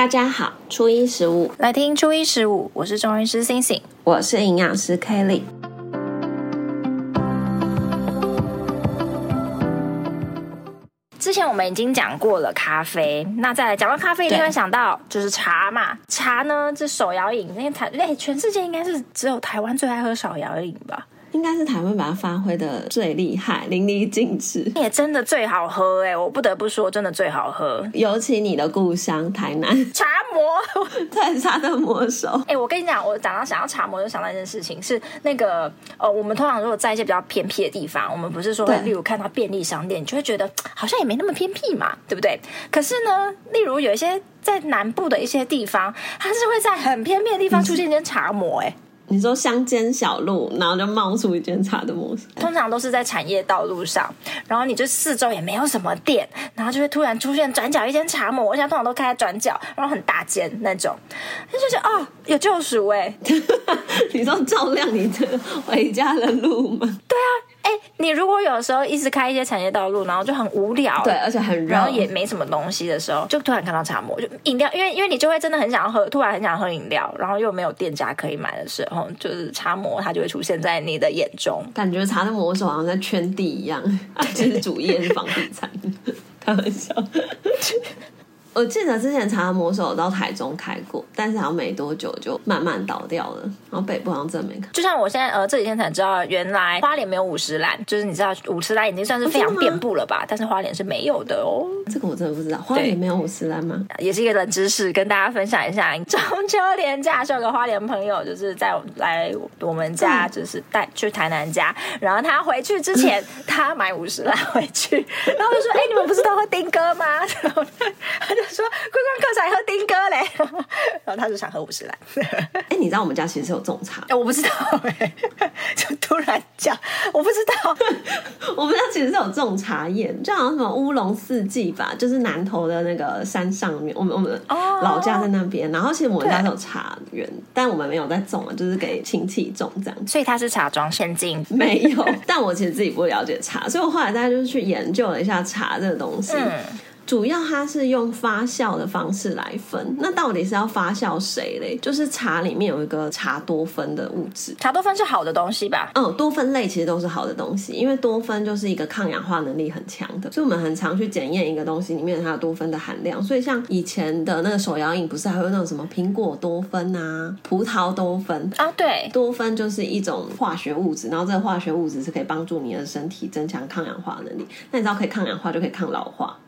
大家好，初一十五來聽初一十五，我是中醫師星星，我是營養師 Kelly。之前我們已經講過了咖啡，那再來講到咖啡，你會對想到就是茶嘛。茶呢，這手搖飲，那台，全世界應該是只有台灣最愛喝手搖飲吧？應該是台灣把它發揮的最厲害、淋漓盡致，也真的最好喝哎、欸！我不得不說，真的最好喝。尤其你的故鄉台南茶魔，再茶の魔手。哎、欸，我跟你講，我講到想要茶魔，就想到一件事情，是那個呃、哦，我們通常如果在一些比較偏僻的地方，我們不是說，例如看到便利商店，對你就會覺得好像也沒那麼偏僻嘛，對不對？可是呢，例如有一些在南部的一些地方，它是會在很偏僻的地方出現一間茶魔哎、欸。嗯你說鄉間小路，然後就冒出一間茶の魔手。通常都是在產業道路上，然後你這四周也沒有什麼店，然後就會突然出現轉角一間茶魔。我現在通常都開在轉角，然後很大間那種，就覺得啊、哦、有救贖哎， 你說照亮你這個回家的路嗎？對啊。哎、欸，你如果有時候一直開一些產業道路，然後就很無聊，對，而且很熱，然後也沒什麼東西的時候，就突然看到茶魔就飲料，因為因為你就會真的很想要喝，突然很想喝飲料，然後又沒有店家可以買的時候，就是茶魔它就會出現在你的眼中。感覺茶的魔手好像在圈地一樣，對 啊、就是主業是房地產，開玩, 很笑。 我記得之前茶魔手到台中開過，但是好像沒多久就慢慢倒掉了。然後北部好像真沒開。就像我現在呃這幾天才知道，原來花蓮沒有五十嵐，就是你知道五十嵐已經算是非常遍布了吧？哦、但是花蓮是沒有的哦。這個我真的不知道，花蓮沒有五十嵐嗎？也是一個冷知識跟大家分享一下。中秋連假是有個花蓮朋友就是在來我們家，嗯、就是帶去台南家，然後他回去之前，嗯、他買五十嵐回去，然後就說：“哎、 欸，你們不是都會丁哥嗎？” 說乖乖客才喝丁哥嘞，然後他就想喝五十嵐。哎、欸，你知道我們家其實有種茶？哎，我不知道哎、欸，就突然講，我不知道， 我們家其實是有種茶葉，就好像什麼烏龍四季吧，就是南投的那個山上面，我們我們老家在那邊。Oh, 然後其實我們家是有茶園，對但我們沒有在種啊，就是給親戚種這樣。所以他是茶莊先進，沒有。但我其實自己不了解茶，所以我後來大家就是去研究了一下茶這個東西。嗯主要它是用發酵的方式來分，那到底是要發酵誰嘞？就是茶裡面有一個茶多酚的物質，茶多酚是好的東西吧？嗯，多酚類其實都是好的東西，因為多酚就是一個抗氧化能力很強的，所以我們很常去檢驗一個東西裡面它有多酚的含量。所以像以前的那個手搖飲，不是還有那種什麼蘋果多酚啊、葡萄多酚啊？對，多酚就是一種化學物質，然後這個化學物質是可以幫助你的身體增強抗氧化能力。那你知道可以抗氧化就可以抗老化。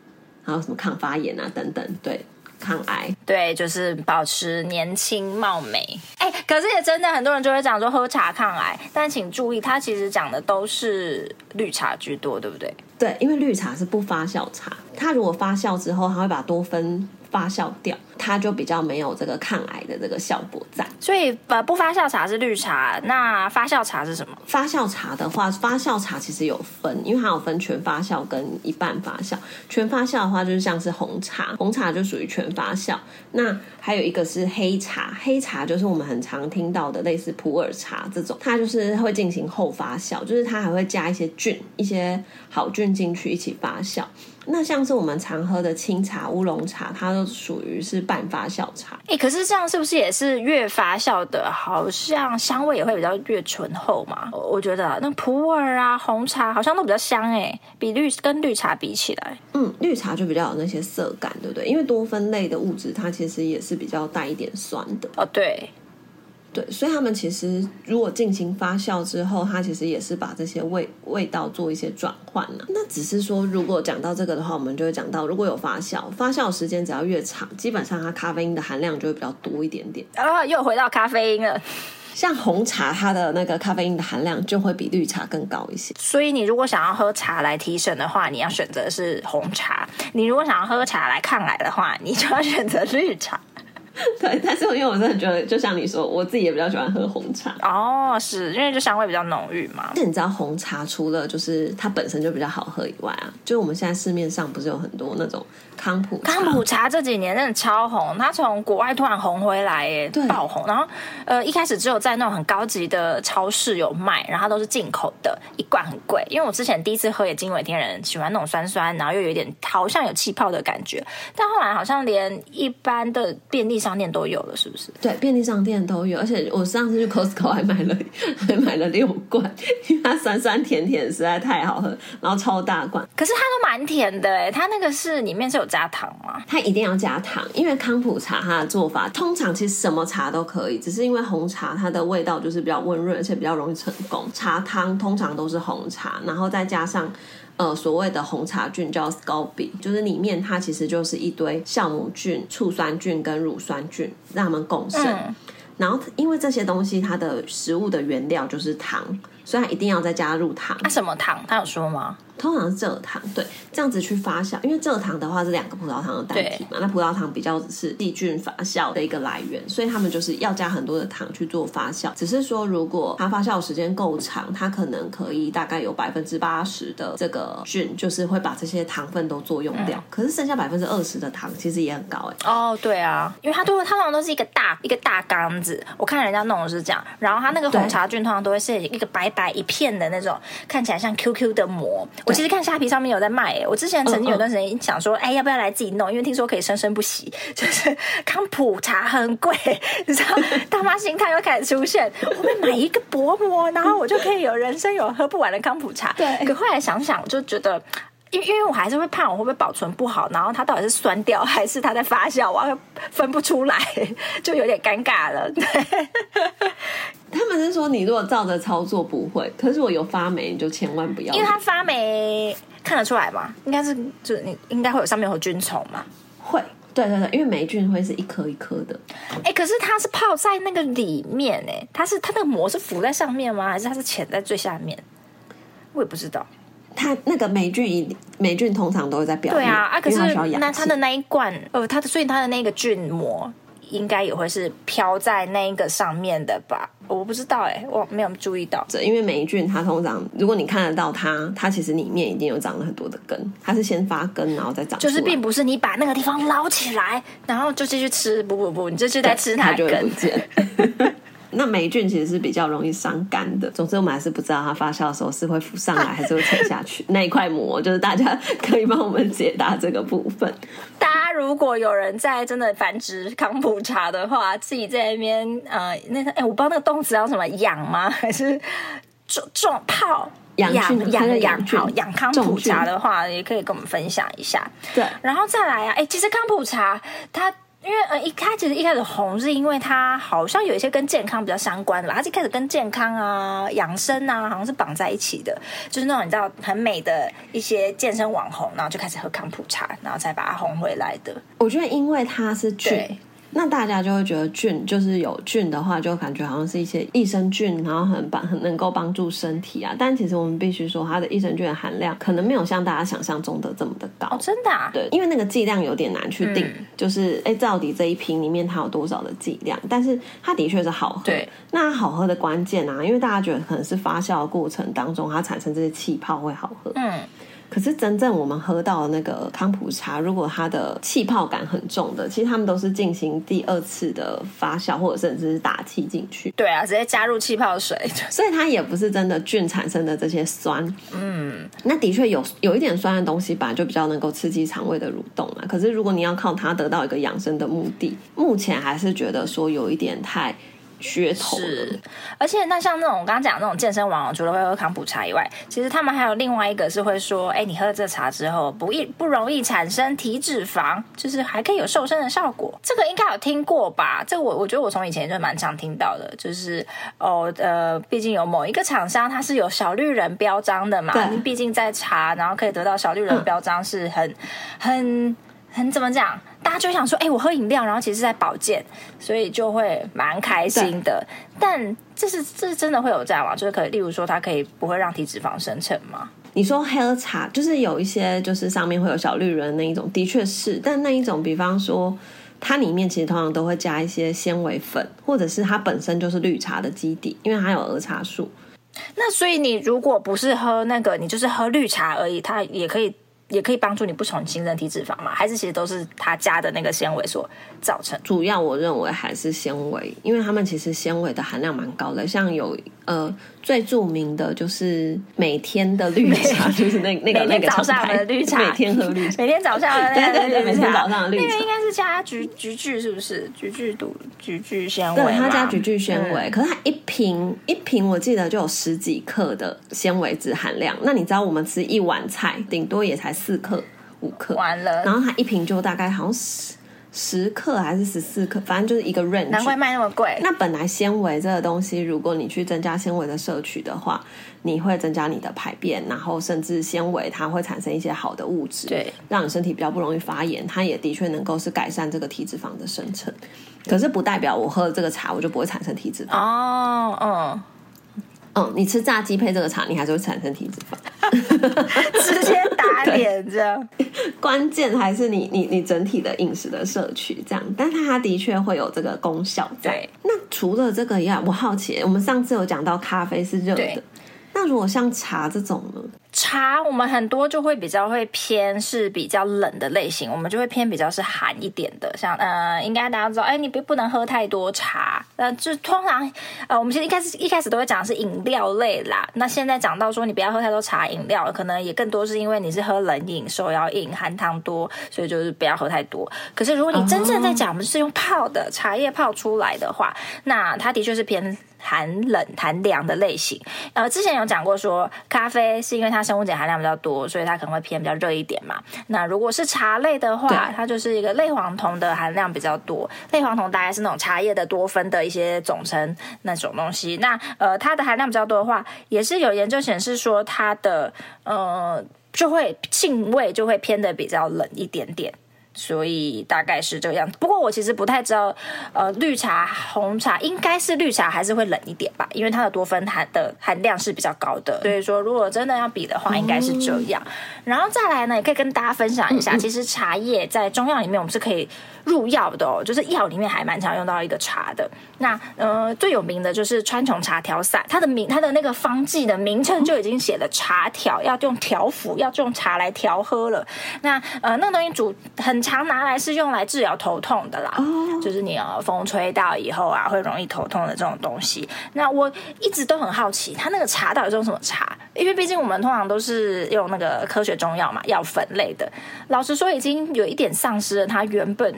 還有什麼抗發炎啊等等，對，抗癌，對，就是保持年輕貌美。哎、欸，可是也真的很多人就會講說喝茶抗癌，但請注意，他其實講的都是綠茶居多，對不對？對，因為綠茶是不發酵茶，它如果發酵之後，它會把多酚發酵掉，它就比較沒有這個抗癌的這個效果在。所以，呃，不發酵茶是綠茶，那發酵茶是什麼？發酵茶的話，發酵茶其實有分，因為它有分全發酵跟一半發酵。全發酵的話，就是像是紅茶，紅茶就屬於全發酵。那還有一個是黑茶，黑茶就是我們很常聽到的類似普洱茶這種，它就是會進行後發酵，就是它還會加一些菌，一些好菌。進去一起發酵，那像是我們常喝的清茶、烏龍茶，它都屬於是半發酵茶。哎、欸，可是這樣是不是也是越發酵的，好像香味也會比較越醇厚嘛？我覺得那普洱啊、紅茶好像都比較香、欸，哎，比綠跟綠茶比起來，嗯，綠茶就比較有那些澀感，對不對？因為多酚類的物質，它其實也是比較帶一點酸的。哦，對。對，所以他們其實如果進行發酵之後，它其實也是把這些味味道做一些轉換了、啊。那只是說，如果講到這個的話，我們就會講到，如果有發酵，發酵時間只要越長，基本上它咖啡因的含量就會比較多一點點。然後、啊、又回到咖啡因了。像紅茶，它的那個咖啡因的含量就會比綠茶更高一些。所以你如果想要喝茶來提神的話，你要選擇是紅茶，你如果想要喝茶來抗癌的話，你就要選擇綠茶。 對，但是因為我真的覺得，就像你說，我自己也比較喜歡喝紅茶哦，是因為就香味比較濃郁嘛。那你知道紅茶除了就是它本身就比較好喝以外啊，就是我們現在市面上不是有很多那種康普茶、茶康普茶，這幾年真的超紅，它從國外突然紅回來，對爆紅。然後呃，一開始只有在那種很高級的超市有賣，然後它都是進口的，一罐很貴。因為我之前第一次喝也驚為天人，喜歡那種酸酸，然後又有點好像有氣泡的感覺。但後來好像連一般的便利商店都有了，是不是？對，便利商店都有，而且我上次去 Costco 還買了，還買了六罐，因為它酸酸甜甜實在太好喝，然後超大罐。可是它都蠻甜的欸，它那個是裡面是有加糖嗎？它一定要加糖，因為康普茶它的做法通常其實什麼茶都可以，只是因為紅茶它的味道就是比較溫潤，而且比較容易成功。茶湯通常都是紅茶，然後再加上。呃，所謂的紅茶菌叫 SCOBY，就是裡面它其實就是一堆酵母菌、醋酸菌跟乳酸菌，讓它們共生。嗯、然後因為這些東西它的食物的原料就是糖，所以它一定要再加入糖。它、啊、什麼糖？它有說嗎？通常是蔗糖，對，這樣子去發酵，因為蔗糖的話是兩個葡萄糖的單體嘛，對那葡萄糖比較是細菌發酵的一個來源，所以他們就是要加很多的糖去做發酵。只是說，如果它發酵時間夠長，它可能可以大概有百分之八十的這個菌，就是會把這些糖分都作用掉，嗯、可是剩下百分之二十的糖其實也很高哎、欸。哦，對啊，因為它都它通常都是一個大一個大缸子，我看人家弄的是這樣，然後它那個紅茶菌通常都會是一個白白一片的那種，對看起來像 QQ 的膜。其實看蝦皮上面有在賣、欸，我之前曾經有段時間想說，哎、嗯嗯欸，要不要來自己弄？因為聽說可以生生不息，就是康普茶很貴，你知道，大媽心態又開始出現。 我會買一個薄膜，然後我就可以有人生有喝不完的康普茶。對，可後來想想，就覺得。因因為我還是會怕我會不會保存不好，然後它到底是酸掉還是它在發酵，我分不出來，就有點尷尬了，對。他們是說你如果照着操作不會，可是我有發霉，你就千萬不要。因為它發霉看得出來嗎？應該是就是你應該會有上面有菌蟲嘛？會，對對對，因為霉菌會是一顆一顆的。欸，可是它是泡在那個裡面欸，它是它的膜是浮在上面嗎？還是它是潛在最下面？我也不知道。它那個黴菌，黴菌通常都會在表面對啊，啊可是那它，它的那一罐，呃，它的所以它的那個菌膜應該也會是飄在那個上面的吧？我不知道哎、欸，我沒有注意到，因為黴菌它通常如果你看得到它，它其實裡面已經有長了很多的根，它是先發根然後再長。就是並不是你把那個地方撈起來，然後就繼續吃，不不不，你繼續再吃它根。 那黴菌其實是比較容易傷肝的。總之，我們還是不知道它發酵的時候是會浮上來還是會沉下去 那一塊膜，就是大家可以幫我們解答這個部分。大家如果有人在真的繁殖康普茶的話，自己在那邊呃，那個哎、欸，我不知道那個動詞叫什麼養嗎？還是種種泡養養它養菌養康普茶的話，訓也可以跟我們分享一下。對，然後再來啊，哎、欸，其實康普茶它。因為呃，一開其實一開始紅是因為他好像有一些跟健康比較相關的，他就開始跟健康啊、養生啊，好像是綁在一起的，就是那種你知道很美的一些健身網紅，然後就開始喝康普茶，然後才把他紅回來的。我覺得因為他是菌，對。那大家就會覺得菌就是有菌的話，就感覺好像是一些益生菌，然後很棒，很能夠幫助身體啊。但其實我們必須說，它的益生菌的含量可能沒有像大家想象中的這麼的高。真的、啊？對，因為那個劑量有點難去定，嗯、就是哎、欸，到底這一瓶裡面它有多少的劑量？但是它的確是好喝。對。那好喝的關鍵啊，因為大家覺得可能是發酵的過程當中它產生這些氣泡會好喝。嗯。可是真正我們喝到那個康普茶，如果它的氣泡感很重的，其實他們都是進行第二次的發酵，或者甚至是打氣進去。對啊，直接加入氣泡水， 所以它也不是真的菌產生的這些酸。嗯，那的確有有一點酸的東西本來就比較能夠刺激腸胃的蠕動嘛。可是如果你要靠它得到一個養生的目的，目前還是覺得說有一點太。噱頭是，而且那像那種我剛剛講那種健身王，除了會喝康普茶以外，其實他們還有另外一個是會說，哎、欸，你喝了這茶之後，不易不容易產生體脂肪，就是還可以有瘦身的效果。這個應該有聽過吧？這個我我覺得我從以前就蠻常聽到的，就是哦呃，畢竟有某一個廠商它是有小綠人標章的嘛，你畢對竟在茶，然後可以得到小綠人標章是很、嗯、很。很怎麼講？大家就想說，哎、欸，我喝飲料，然後其實是在保健，所以就會蠻開心的。對但這是這是真的會有這樣嗎？就是可以，例如說，它可以不會讓體脂肪生成嗎？你說黑茶，就是有一些，就是上面會有小綠人的那一種，的確是。但那一種，比方說，它裡面其實通常都會加一些纖維粉，或者是它本身就是綠茶的基底，因為它有兒茶素。那所以你如果不是喝那個，你就是喝綠茶而已，它也可以。也可以幫助你不容易形成體脂肪嘛，還是其實都是它加的那個纖維所造成？主要我認為還是纖維，因為他們其實纖維的含量蠻高的，像有呃。最著名的就是每天的綠茶，每就是那那個那個早上的綠茶，每天喝綠茶，每天早上的對對對，每天早上的綠茶應該是加菊菊苣是不是？菊苣獨菊苣纖維，對，它加菊苣纖維，可是它一瓶一瓶我記得就有十幾克的纖維質含量。那你知道我們吃一碗菜頂多也才四克五克，完了，然後它一瓶就大概好像十。十克還是十四克，反正就是一個 range。難怪賣那麼貴。那本來纖維這個東西，如果你去增加纖維的攝取的話，你會增加你的排便，然後甚至纖維它會產生一些好的物質，對，讓你身體比較不容易發炎。它也的確能夠是改善這個體脂肪的生成，可是不代表我喝了這個茶我就不會產生體脂肪哦。哦，嗯。哦、嗯，你吃炸雞配這個茶，你還是會產生體脂肪。 直接打臉，這樣。關鍵還是你你你整體的飲食的攝取這樣，但它的確會有這個功效在。對那除了這個以外，我好奇，我們上次有講到咖啡是熱的，對那如果像茶這種呢？茶，我們很多就會比較會偏是比較冷的類型，我們就會偏比較是寒一點的。像呃，應該大家知道，哎，你別不，不能喝太多茶。那、呃、就通常呃，我們其實一開始一開始都會講的是飲料類啦。那現在講到說你不要喝太多茶飲料，可能也更多是因為你是喝冷飲、手搖飲、含糖多，所以就是不要喝太多。可是如果你真正在講，我們是用泡的茶葉泡出來的話，那它的確是偏。寒冷、寒涼的類型，呃，之前有講過說，咖啡是因為它生物鹼含量比較多，所以它可能會偏比較熱一點嘛。那如果是茶類的話，它就是一個類黃酮的含量比較多，對類黃酮大概是那種茶葉的多酚的一些總稱那種東西。那呃，它的含量比較多的話，也是有研究顯示說，它的呃就會性味就會偏的比較冷一點點。所以大概是這個樣子。不過我其實不太知道，呃，綠茶、紅茶，應該是綠茶還是會冷一點吧，因為它的多酚含的含量是比較高的。所以說，如果真的要比的話，應該是這樣。然後再來呢，也可以跟大家分享一下，其實茶葉在中藥裡面我們是可以入藥的哦，就是藥裡面還蠻常用到一個茶的。那呃，最有名的就是川芎茶調散，它的名它的那個方劑的名稱就已經寫了茶調，要用調服，要用茶來調喝了。那呃，那個東西煮很常拿來是用來治療頭痛的啦，就是你呃、哦、風吹到以後啊，會容易頭痛的這種東西。那我一直都很好奇，它那個茶到底是用什麼茶？因為畢竟我們通常都是用那個科學中藥嘛，藥粉類的。老實說，已經有一點喪失了它原本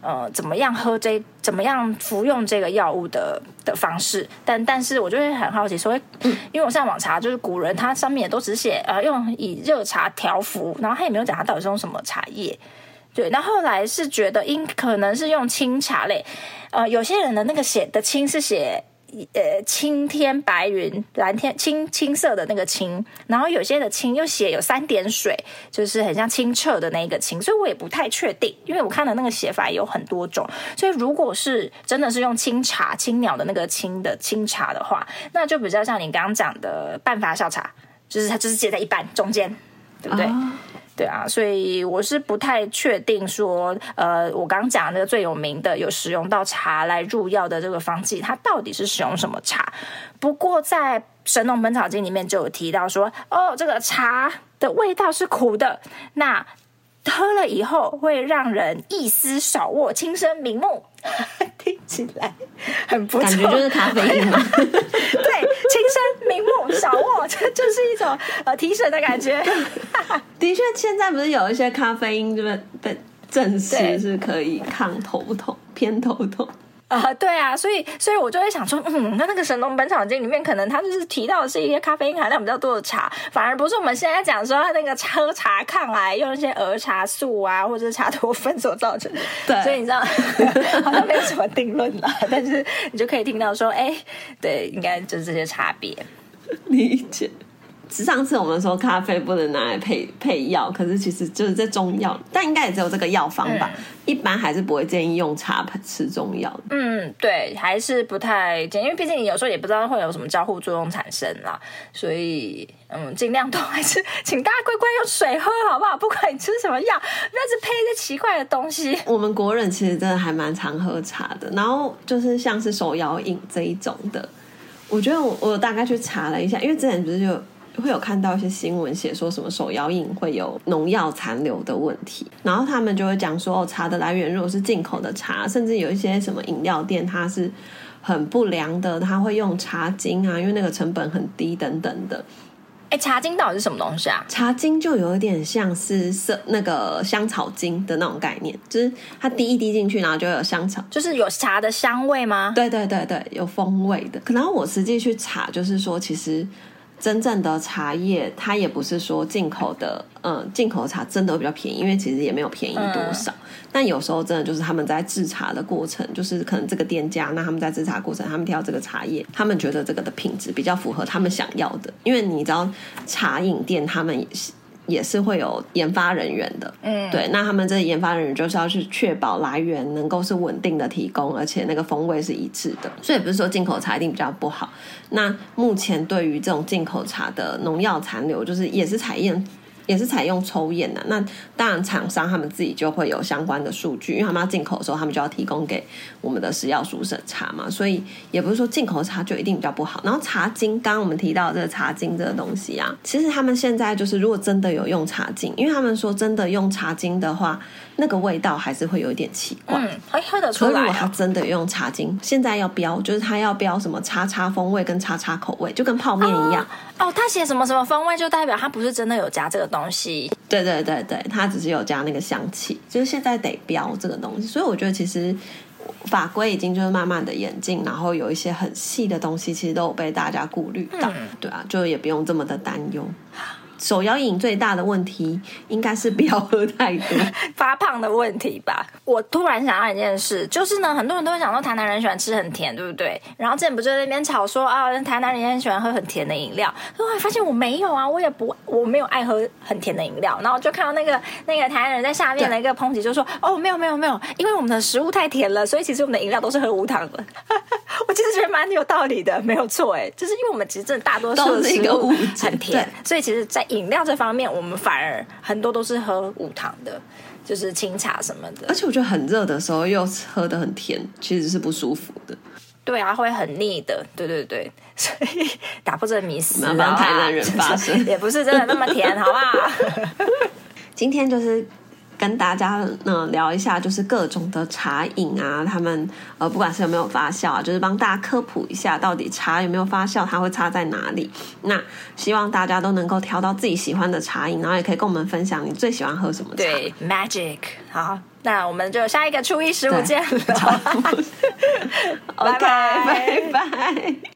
呃怎麼樣喝這，怎麼樣服用這個藥物的的方式。但但是，我就會很好奇說，所以因為我上網查，就是古人他上面也都只寫呃用以熱茶調服，然後他也沒有講他到底是用什麼茶葉。對，那後來是覺得應可能是用清茶類，呃，有些人的那個寫的清是寫呃青天白雲藍天青青色的那個青，然後有些的青又寫有三點水，就是很像清澈的那個清。所以我也不太確定，因為我看的那個寫法也有很多種，所以如果是真的是用清茶青鳥的那個青的清茶的話，那就比較像你剛剛講的半發酵茶，就是它就是接在一半中間，對不對？啊對啊，所以我是不太確定說，呃，我剛講的那個最有名的有使用到茶來入藥的這個方劑，它到底是使用什麼茶？不過在《神農本草經》裡面就有提到說，哦，這個茶的味道是苦的，那喝了以後會讓人益思少臥，輕身明目， 聽起來很不錯，感覺就是咖啡、哎。對。 明目、小臥，這 就是一種呃提神的感覺。 的確，現在不是有一些咖啡因就被被證實是可以抗頭痛、偏頭痛。啊，uh, 對啊，所以，所以我就會想說，嗯，那那個《神農本草經》裡面可能他就是提到的是一些咖啡因含量比較多的茶，反而不是我們現在講說他那個喝茶抗癌用一些兒茶素啊或者是茶多酚所造成。對、啊，所以你知道， 好像沒有什麼定論了，但是你就可以聽到說，哎，對，應該就是這些差別，理解。上次我們說咖啡不能拿來配配藥，可是其實就是在中藥，但應該也只有這個藥方吧。嗯、一般還是不會建議用茶吃中藥。嗯，對，還是不太建議，因為畢竟你有時候也不知道會有什麼交互作用產生啦。所以，嗯，盡量都還是請大家乖乖用水喝，好不好？不管你吃什麼藥，不要去配一些奇怪的東西。我們國人其實真的還蠻常喝茶的，然後就是像是手搖飲這一種的。我覺得我我大概去查了一下，因為之前不是就。會有看到一些新聞寫說什麼手搖飲會有農藥殘留的問題，然後他們就會講說哦，茶的來源如果是進口的茶，甚至有一些什麼飲料店它是很不良的，它會用茶精啊，因為那個成本很低等等的。哎，茶精到底是什麼東西啊？茶精就有一點像是那個香草精的那種概念，就是它滴一滴進去，然後就有香草，就是有茶的香味嗎？對對對對，有風味的。然後我實際去查，就是說其實。真正的茶葉，它也不是說進口的，嗯，進口茶真的會比較便宜，因為其實也沒有便宜多少。嗯、但有時候真的就是他們在制茶的過程，就是可能這個店家，那他們在制茶過程，他們挑這個茶葉，他們覺得這個的品質比較符合他們想要的，因為你知道茶飲店他們也是。也是會有研發人員的，嗯、對，那他們這些研發人員就是要去確保來源能夠是穩定的提供，而且那個風味是一致的，所以不是說進口茶一定比較不好。那目前對於這種進口茶的農藥殘留，就是也是採驗。也是採用抽驗的，那當然廠商他們自己就會有相關的數據，因為他們要進口的時候，他們就要提供給我們的食藥署審查嘛，所以也不是說進口茶就一定比較不好。然後茶精，剛剛我們提到的這個茶精這個東西啊，其實他們現在就是如果真的有用茶精，因為他們說真的用茶精的話，那個味道還是會有一點奇怪，嗯、會喝得出來。所以如果他真的用茶精，現在要標，就是他要標什麼叉叉風味跟叉叉口味，就跟泡麵一樣哦，哦。他寫什麼什麼風味，就代表他不是真的有加這個東西。東西，對對對對，它只是有加那個香氣，就是現在得標這個東西，所以我覺得其實法規已經就是慢慢的演進，然後有一些很細的東西，其實都有被大家顧慮到，嗯、對啊，就也不用這麼的擔憂。手搖飲最大的問題應該是不要喝太多， 發胖的問題吧。我突然想到一件事，就是呢，很多人都會講說，台南人喜歡吃很甜，對不對？然後這不就在那邊吵說啊，台南人很喜歡喝很甜的飲料。後來發現我沒有啊，我也不，我沒有愛喝很甜的飲料。然後就看到那個那個台南人在下面的一個抨擊，就說對哦，沒有沒有沒有，因為我們的食物太甜了，所以其實我們的飲料都是喝無糖的。 我其實覺得蠻有道理的，沒有錯哎，就是因為我們其實真的大多數的食物很甜，對，所以其實在。飲料這方面，我們反而很多都是喝無糖的，就是清茶什麼的。而且我覺得很熱的時候又喝得很甜，其實是不舒服的。對啊，會很膩的。對對對，所以打破這個迷思。台灣人也不是真的那麼甜， 好不吧好？今天就是。跟大家呢聊一下，就是各種的茶飲啊，他們呃不管是有沒有發酵啊，就是幫大家科普一下到底茶有沒有發酵，它會差在哪裡。那希望大家都能夠挑到自己喜歡的茶飲，然後也可以跟我們分享你最喜歡喝什麼茶。對，Magic，好，那我們就下一個初一十五見了，OK，拜拜拜拜。